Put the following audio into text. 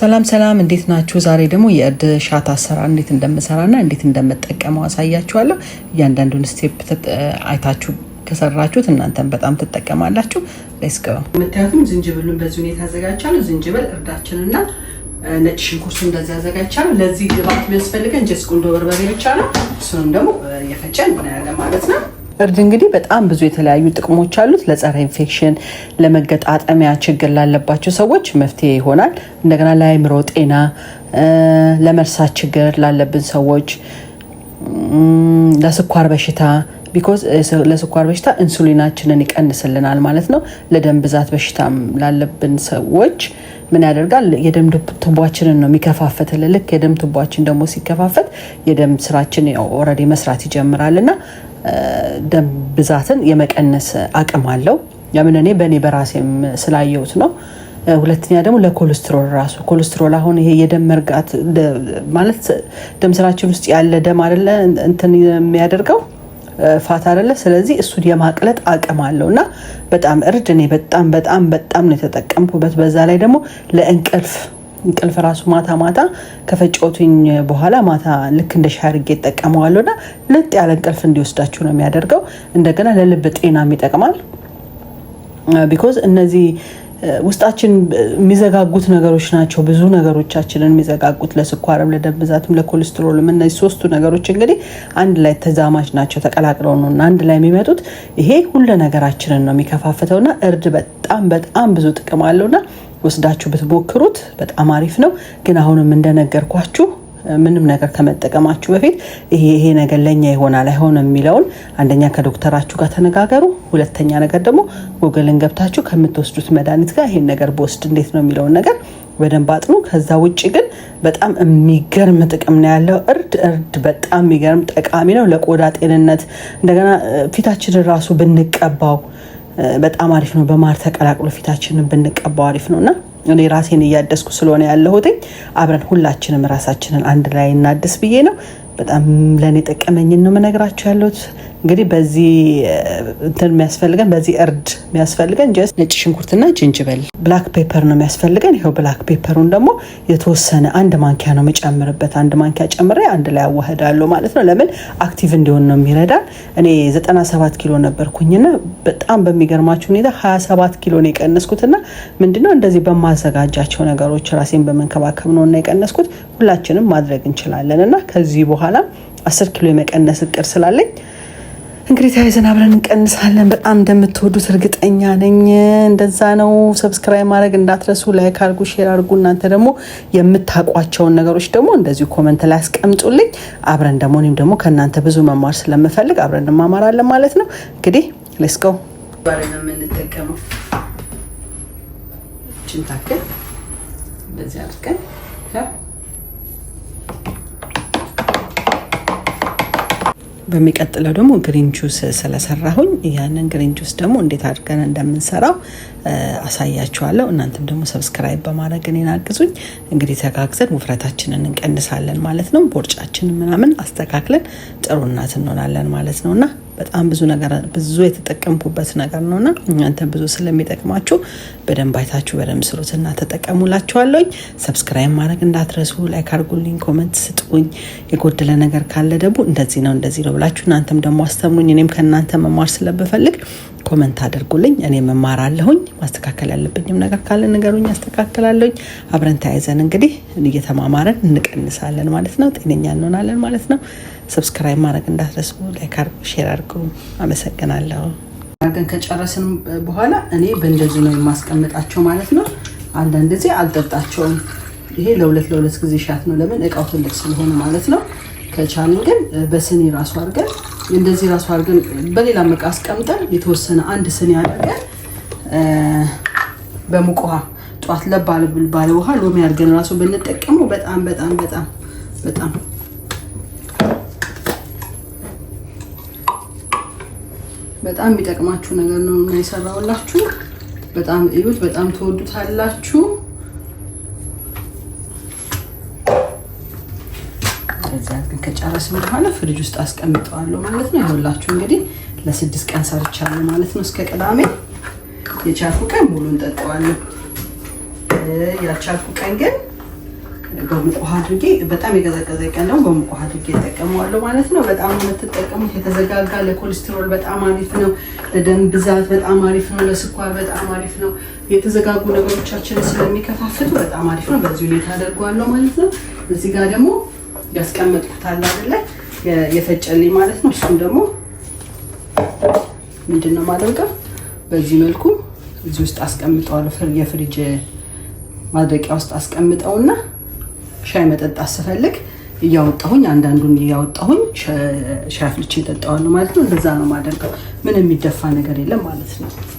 ሰላም ሰላም፣ እንዴት ናችሁ? ዛሬ ደግሞ የእርድ ሻት አሰራር እንዴት እንደምሰራና እንዴት እንደምጠቀመው አሳያችኋለሁ። እያንዳንዱን ስቴፕ አይታችሁ ከሰራችሁት እናንተን በጣም ትጠቀማላችሁ። ሌስቀ ምክንያቱም ዝንጅብሉን በዚህ ሁኔታ አዘጋጅቻለሁ። ዝንጅብል እርዳችንና ነጭ ሽንኩርት እንደዚህ አዘጋጅቻለሁ። ለዚህ ግባት የሚያስፈልገን ጀስት ቁንዶ በርበሬ ብቻ ነው። እሱንም ደግሞ የፈጨን እናያለን ማለት ነው። እርድ እንግዲህ በጣም ብዙ የተለያዩ ጥቅሞች አሉት። ለጸረ ኢንፌክሽን፣ ለመገጣጠሚያ ችግር ላለባቸው ሰዎች መፍትሄ ይሆናል። እንደገና ለአይምሮ ጤና፣ ለመርሳት ችግር ላለብን ሰዎች፣ ለስኳር በሽታ ቢኮዝ ለስኳር በሽታ ኢንሱሊናችንን ይቀንስልናል ማለት ነው። ለደም ብዛት በሽታ ላለብን ሰዎች ምን ያደርጋል? የደም ቱቧችንን ነው የሚከፋፈትል ልክ የደም ቱቧችን ደግሞ ሲከፋፈት የደም ስራችን ኦልሬዲ መስራት ይጀምራልና ደም ብዛትን የመቀነስ አቅም አለው። ያምን እኔ በእኔ በራሴም ስላየሁት ነው። ሁለተኛ ደግሞ ለኮሌስትሮል ራሱ ኮሌስትሮል አሁን ይሄ የደም መርጋት ማለት ደም ስራችን ውስጥ ያለ ደም አደለ እንትን የሚያደርገው ፋት አደለ። ስለዚህ እሱን የማቅለጥ አቅም አለው እና በጣም እርድ እኔ በጣም በጣም በጣም ነው የተጠቀምኩበት። በዛ ላይ ደግሞ ለእንቅልፍ እንቅልፍ ራሱ ማታ ማታ ከፈጨሁትኝ በኋላ ማታ ልክ እንደ ሻይ አድርጌ እጠቀመዋለሁ እና ልጥ ያለ እንቅልፍ እንዲወስዳችሁ ነው የሚያደርገው። እንደገና ለልብ ጤናም ይጠቅማል። ቢኮዝ እነዚህ ውስጣችን የሚዘጋጉት ነገሮች ናቸው። ብዙ ነገሮቻችንን የሚዘጋጉት ለስኳርም፣ ለደም ብዛትም፣ ለኮሌስትሮልም እነዚህ ሶስቱ ነገሮች እንግዲህ አንድ ላይ ተዛማጅ ናቸው። ተቀላቅለው ነው እና አንድ ላይ የሚመጡት ይሄ ሁሉ ነገራችንን ነው እና እርድ በጣም በጣም ብዙ ጥቅም አለው እና። ወስዳችሁ ብትሞክሩት በጣም አሪፍ ነው። ግን አሁንም እንደነገርኳችሁ ምንም ነገር ከመጠቀማችሁ በፊት ይሄ ይሄ ነገር ለኛ ይሆናል አይሆንም የሚለውን አንደኛ ከዶክተራችሁ ጋር ተነጋገሩ። ሁለተኛ ነገር ደግሞ ጎግልን ገብታችሁ ከምትወስዱት መድኃኒት ጋር ይሄን ነገር በወስድ እንዴት ነው የሚለውን ነገር በደንብ አጥኑ። ከዛ ውጭ ግን በጣም የሚገርም ጥቅም ነው ያለው እርድ። እርድ በጣም የሚገርም ጠቃሚ ነው ለቆዳ ጤንነት። እንደገና ፊታችንን ራሱ ብንቀባው በጣም አሪፍ ነው። በማር ተቀላቅሎ ፊታችንን ብንቀባው አሪፍ ነው እና እኔ ራሴን እያደስኩ ስለሆነ ያለሁትኝ አብረን ሁላችንም ራሳችንን አንድ ላይ እናድስ ብዬ ነው። በጣም ለእኔ ጠቀመኝን ነው የምነግራችሁ ያለሁት። እንግዲህ በዚህ እንትን የሚያስፈልገን በዚህ እርድ የሚያስፈልገን ጀስት ነጭ ሽንኩርትና ጅንጅበል፣ ብላክ ፔፐር ነው የሚያስፈልገን። ይኸው ብላክ ፔፐሩን ደግሞ የተወሰነ አንድ ማንኪያ ነው የምጨምርበት። አንድ ማንኪያ ጨምሬ አንድ ላይ አዋህዳለሁ ማለት ነው። ለምን አክቲቭ እንዲሆን ነው የሚረዳን። እኔ 97 ኪሎ ነበርኩኝና በጣም በሚገርማችሁ ሁኔታ 27 ኪሎ ነው የቀነስኩትና ምንድነው እንደዚህ በማዘጋጃቸው ነገሮች ራሴን በመንከባከብ ነው እና የቀነስኩት። ሁላችንም ማድረግ እንችላለን እና ከዚህ በኋላ በኋላ አስር ኪሎ የመቀነስ እቅድ ስላለኝ እንግዲህ ተያይዘን አብረን እንቀንሳለን። በጣም እንደምትወዱት እርግጠኛ ነኝ። እንደዛ ነው። ሰብስክራይብ ማድረግ እንዳትረሱ፣ ላይክ አርጉ፣ ሼር አድርጉ። እናንተ ደግሞ የምታውቋቸውን ነገሮች ደግሞ እንደዚሁ ኮመንት ላይ አስቀምጡልኝ። አብረን ደግሞ እኔም ደግሞ ከእናንተ ብዙ መማር ስለምፈልግ አብረን እንማማራለን ማለት ነው። እንግዲህ ሌስቀው የምንጠቀመው ችን ታክል እንደዚህ አድርገን በሚቀጥለው ደግሞ ግሪን ጁስ ስለሰራሁኝ ያንን ግሪን ጁስ ደግሞ እንዴት አድርገን እንደምንሰራው አሳያችኋለሁ። እናንተም ደግሞ ሰብስክራይብ በማድረግ እኔን አግዙኝ። እንግዲህ ተጋግዘን ውፍረታችንን እንቀንሳለን ማለት ነው። ቦርጫችንን ምናምን አስተካክለን ጥሩ እናት እንሆናለን ማለት ነው እና በጣም ብዙ ነገር ብዙ የተጠቀምኩበት ነገር ነውና እናንተ ብዙ ስለሚጠቅማችሁ በደንብ አይታችሁ በደንብ እና ተጠቀሙላችኋለኝ። ሰብስክራይብ ማድረግ እንዳትረሱ፣ ላይክ አድርጉልኝ፣ ኮመንት ስጡኝ። የጎደለ ነገር ካለ ደግሞ እንደዚህ ነው እንደዚህ ነው ብላችሁ እናንተም ደግሞ አስተምሩኝ። እኔም ከእናንተ መማር ስለምፈልግ ኮመንት አድርጉልኝ። እኔ መማር አለሁኝ። ማስተካከል ያለብኝም ነገር ካለ ነገሩኝ፣ ያስተካከላለሁኝ። አብረን ተያይዘን እንግዲህ እየተማማረን እንቀንሳለን ማለት ነው። ጤነኛ እንሆናለን ማለት ነው። ሰብስክራይብ ማድረግ እንዳትረሱ። ላይክ አድርጉ፣ ሼር አድርጉ። አመሰግናለሁ። አድርገን ከጨረስን በኋላ እኔ በእንደዚህ ነው የማስቀምጣቸው ማለት ነው። አንዳንድ ጊዜ አልጠጣቸውም። ይሄ ለሁለት ለሁለት ጊዜ ሻት ነው። ለምን እቃው ትልቅ ስለሆነ ማለት ነው። ከቻልን ግን በስኒ ራሱ አድርገን እንደዚህ ራሱ አድርገን በሌላ እቃ አስቀምጠን የተወሰነ አንድ ስኒ አድርገን በሙቅ ውሃ ጠዋት ለባለ ባለ ውሃ ሎሚ አድርገን ራሱ ብንጠቀመው በጣም በጣም በጣም በጣም በጣም የሚጠቅማችሁ ነገር ነው እና የሰራውላችሁ በጣም እዩት፣ በጣም ትወዱታላችሁ። ከዚያ ግን ከጨረስን በኋላ ፍሪጅ ውስጥ አስቀምጠዋለሁ ማለት ነው። ይኸውላችሁ እንግዲህ ለስድስት ቀን ሰርቻለሁ ማለት ነው። እስከ ቅዳሜ የቻልኩ ቀን ሙሉ እንጠጣዋለን። ያልቻልኩ ቀን ግን በሙቅ ውሃ አድርጌ በጣም የቀዘቀዘ ቀለውን በሙቅ ውሃ አድርጌ እጠቀመዋለሁ ማለት ነው። በጣም የምትጠቀሙት የተዘጋጋ ለኮሌስትሮል በጣም አሪፍ ነው። ለደም ብዛት በጣም አሪፍ ነው። ለስኳር በጣም አሪፍ ነው። የተዘጋጉ ነገሮቻችን ስለሚከፋፍቱ በጣም አሪፍ ነው። በዚህ ሁኔታ አደርገዋለሁ ማለት ነው። እዚህ ጋር ደግሞ ያስቀመጥኩት አለ አይደለ የፈጨልኝ ማለት ነው። እሱም ደግሞ ምንድን ነው ማደርገው በዚህ መልኩ እዚህ ውስጥ አስቀምጠዋለሁ የፍሪጅ ማድረቂያ ውስጥ አስቀምጠውና ሻይ መጠጣት ስፈልግ እያወጣሁኝ አንዳንዱን እያወጣሁኝ ሻይ አፍልቼ እጠጣዋለሁ ማለት ነው። እንደዛ ነው ማደርገው። ምን የሚደፋ ነገር የለም ማለት ነው።